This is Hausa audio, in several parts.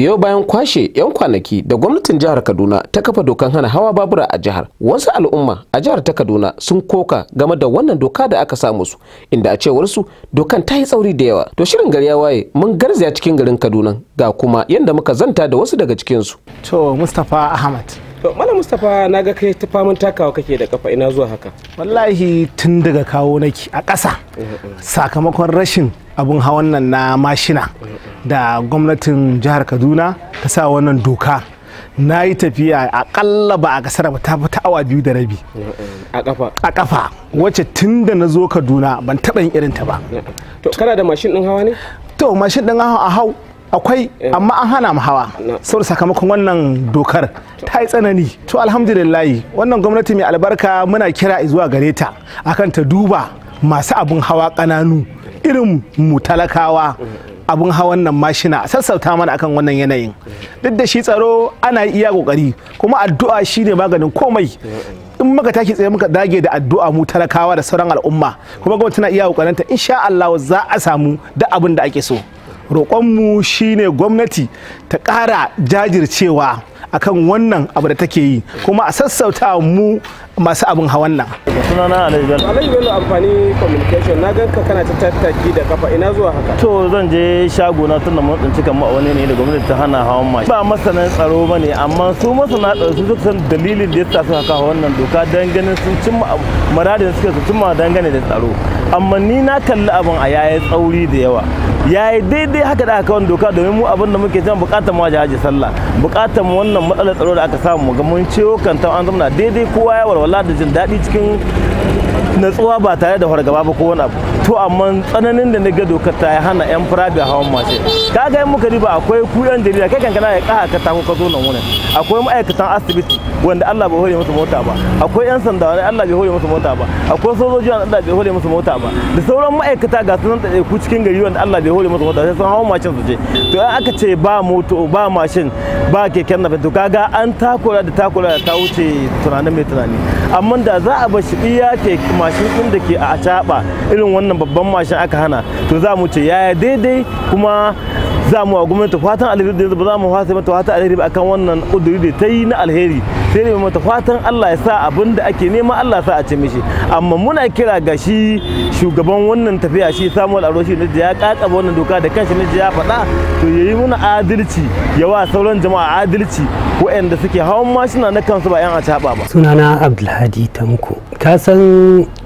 biyo bayan kwashe 'yan kwanaki da gwamnatin jihar kaduna ta kafa dokan hana hawa babura a jihar wasu al'umma a jihar ta kaduna sun koka game da wannan doka da aka samu su inda a cewar su dokan ta yi tsauri da yawa to shirin gari ya waye mun garzaya cikin garin kaduna ga kuma yadda muka zanta da wasu daga cikinsu to mustapha ahmad to mana mustapha na ga kai ta faman takawa kake da kafa ina zuwa haka wallahi tun daga kawo naki a ƙasa sakamakon rashin abun hawan nan na mashina da gwamnatin jihar kaduna ta sa wannan doka na yi tafiya akalla ba a ƙasar ba ta fita awa biyu da rabi a ƙafa wacce tun da na zo kaduna ban taɓa yin irinta ba to kana da mashin ɗin hawa ne to mashin ɗin hawa a hau akwai eh. amma an hana mu hawa saboda sakamakon wannan dokar ta yi tsanani to alhamdulillahi wannan gwamnati mai albarka muna kira zuwa gare ta akan ta duba masu abin hawa kananu irin mu talakawa abin hawan nan mashina a sassauta mana akan wannan yanayin duk da shi tsaro ana iya kokari kuma addu'a shine maganin komai in muka tashi tsaye muka dage da addu'a mu talakawa da sauran al'umma kuma gwamnati na iya kokarinta insha Allah za a samu da abin da ake so roƙonmu shine gwamnati ta ƙara jajircewa akan wannan abu da take yi kuma a sassauta mu masu abin hawan nan. sunana alhaji bello alhaji bello amfani communication na gan ka kana ta tattaki da kafa ina zuwa haka to zan je shago na tunda mun tsinci kan a wani ne da gwamnati ta hana hawan mashi ba masanan tsaro ba ne amma su masana tsaro su suka san dalilin da ya yasa suka kawo wannan doka dan ganin sun cimma muradin suke su cimma dangane da tsaro amma ni na kalli abin a yayi tsauri da yawa yayi daidai haka da aka doka domin mu abin da muke jan bukatar mu wajen sallah bukatar mu wannan matsalar tsaro da aka samu ga mun ciwo kan an zama daidai kowa ya walwala da jin daɗi cikin natsuwa ba tare da fargaba ba ko wani abu to amma tsananin da na ga dokar ta ya hana yan firabi hawan mace ka ga muka riba akwai ku yan jarida kai kankana ya ka ka ta ka zo nan wurin akwai ma'aikatan asibiti wanda Allah bai hore musu mota ba akwai yan sanda wanda Allah bai hore musu mota ba akwai sojoji wanda Allah bai hore musu mota ba da sauran ma'aikata ga sunan tsaye ku cikin gari wanda Allah bai hore musu mota sai sun hawan mace su je to in aka ce ba moto ba mashin ba keken nafe to kaga an takura da takura da ta wuce tunanin mai tunani amma da za a bar shi iya ake mashin ɗin da ke a acaɓa irin wannan babban mashin aka hana to za mu ce yaya daidai kuma zamu mu wa gwamnati fatan alheri da ba za mu fasa mata fatan alheri ba akan wannan kuduri da ta yi na alheri sai ne mata fatan Allah ya sa abin da ake nema Allah sa a ce mishi amma muna kira ga shi shugaban wannan tafiya shi Samuel Aroshi ne ya kakaba wannan doka da kanshi ne ya faɗa to yayi muna adalci ya yawa sauran jama'a adalci waɗanda suke hawan mashina na kansu ba yan asaba ba sunana Abdulhadi Tanko ka san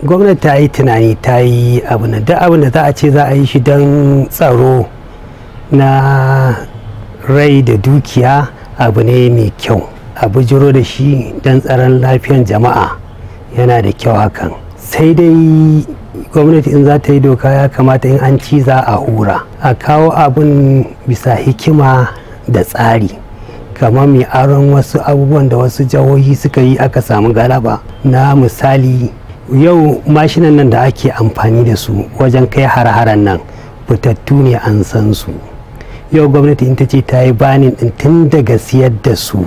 gwamnati ta yi tunani ta yi abu na da abu da za a ce za a yi shi don tsaro na rai da dukiya abu ne mai kyau a bujiro da shi don tsaron lafiyan jama'a yana da kyau hakan sai dai gwamnati in za ta yi doka ya kamata in an ci za a hura a kawo abin bisa hikima da tsari kamar mai aron wasu abubuwan da wasu jihohi suka yi aka samu galaba na misali yau mashinan nan da ake amfani da su wajen kai har-haren nan fitattu ne an san su yau gwamnati in ta ce ta yi bani din tun daga siyar da su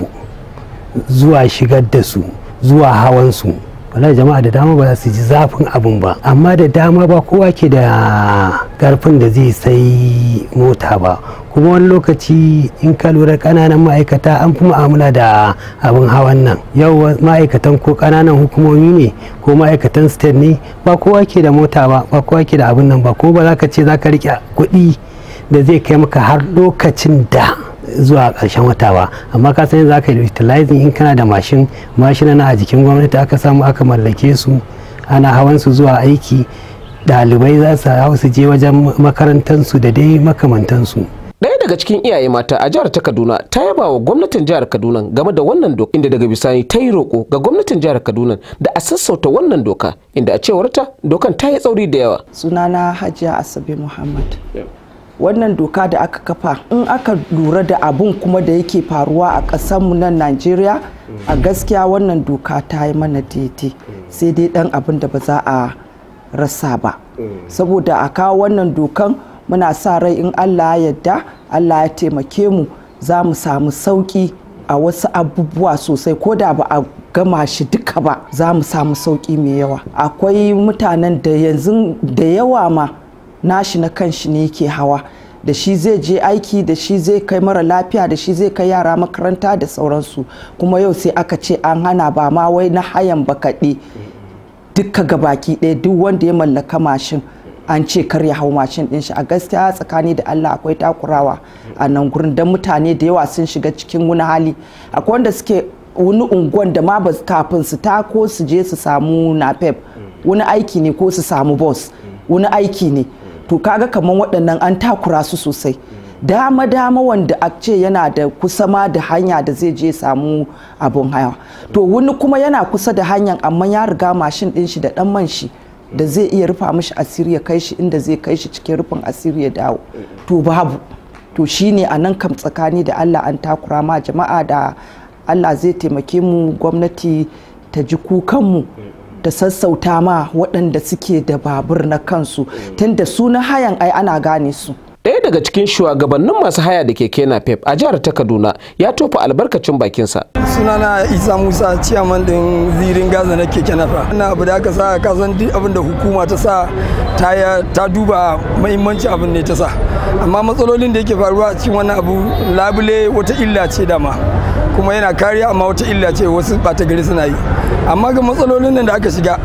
zuwa shigar da su zuwa hawan su wala jama'a da dama ba za su ji zafin abin ba amma da dama ba kowa ke da karfin da zai sai mota ba kuma wani lokaci in ka lura kananan ma'aikata an fi mu'amala da abin hawan nan yau ma'aikatan ko kananan hukumomi ne ko ma'aikatan state ne ba kowa ke da mota ba ba kowa ke da abin nan ba ko ba za ka ce za ka riƙe kuɗi da zai kai maka har lokacin da zuwa karshen watawa amma ka san za ka yi utilizing in kana da mashin mashina na a jikin gwamnati aka samu aka mallake su ana hawan su zuwa aiki dalibai za su hau su je wajen makarantansu da dai makamantansu ɗaya daga cikin iyaye mata a jihar ta kaduna ta yaba wa gwamnatin jihar kaduna game da wannan doka inda daga bisani ta yi roƙo ga gwamnatin jihar kaduna da a sassauta wannan doka inda a cewar ta dokan ta yi tsauri da yawa sunana hajiya asabe muhammad wannan doka da aka kafa in aka lura da abun kuma da yake faruwa a ƙasarmu nan najeriya a gaskiya wannan doka ta yi mana daidai sai dai ɗan abin da ba za a rasa ba saboda a kawo wannan dokan muna sa rai in allah ya yarda allah ya taimake mu za mu samu sauki a wasu abubuwa sosai ko da ba a gama shi duka ba za mu samu sauki mai yawa akwai mutanen da yanzu da yawa ma nashi na kanshi ne yake hawa da shi zai je aiki da shi zai kai mara lafiya da shi zai kai yara makaranta da sauransu kuma yau sai aka ce an hana ba ma wai na hayan bakaɗe dukka baki ɗaya duk wanda ya mallaka mashin an ce kar ya hau mashin din shi a gaskiya tsakani da Allah akwai takurawa a nan gurin dan mutane da yawa sun shiga cikin wani hali akwai wanda suke wani unguwan da ma ba kafin su ta ko su je su samu napep wani aiki ne ko su samu boss wani aiki ne to kaga kamar waɗannan an takura su sosai dama dama wanda a ce yana da kusa ma da hanya da zai je samu abun haya to wani kuma yana kusa da hanyar amma ya riga mashin ɗin shi da ɗan man shi da zai iya rufa mishi asiri ya kai shi inda zai kai shi cikin rufin asiri ya dawo to babu to shine a nan kam tsakani da allah an takura ma jama'a da allah zai taimake mu gwamnati ta ji kukanmu da sassauta ma waɗanda suke da babur na kansu tunda su na hayan ai ana gane su ɗaya daga cikin shugabannin masu haya da keke na pep a jihar ta kaduna ya tofa albarkacin bakinsa sunana isa musa ciyaman din zirin gaza na keke na fa. ina abu da aka sa kasan duk abin da hukuma ta sa ta duba mahimmanci abin ne ta sa amma matsalolin da yake faruwa a cikin wannan abu labule wata illa ce dama kuma yana kariya amma wata illa ce wasu bata gari suna yi amma ga matsalolin nan da aka shiga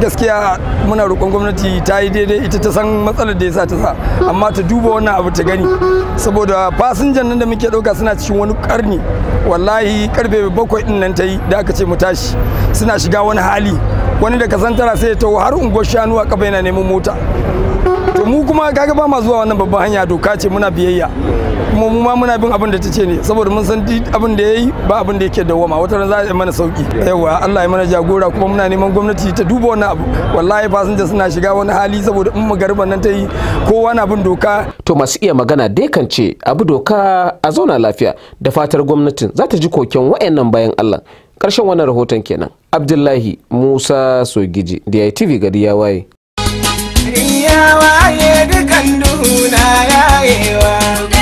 gaskiya muna roƙon gwamnati ta yi daidai ita ta san matsalar da ya sa ta sa amma ta duba wannan abu ta gani saboda fasinjan nan da muke ɗauka suna cikin wani ƙarni wallahi karfe bakwai ɗin nan ta yi da aka ce mu tashi suna shiga wani hali wani da kasantara sai ya taho har unguwar shanu a kafa yana neman mota mu kuma kaga ba ma zuwa wannan babban hanya doka ce muna biyayya kuma mu ma muna bin abin da ta ne saboda mun san abin da yayi ba abin da yake dawwama wata ran za a yi mana sauki yawa Allah ya mana jagora kuma muna neman gwamnati ta duba wannan abu wallahi fasinja suna shiga wani hali saboda in mu garban nan ta yi kowa na doka to masu iya magana dai kan ce abu doka a zauna lafiya da fatar gwamnatin za ta ji koken wayannan bayan Allah ƙarshen wannan rahoton kenan abdullahi musa sogiji DITV gari ya waye na waye dukan duna yayewa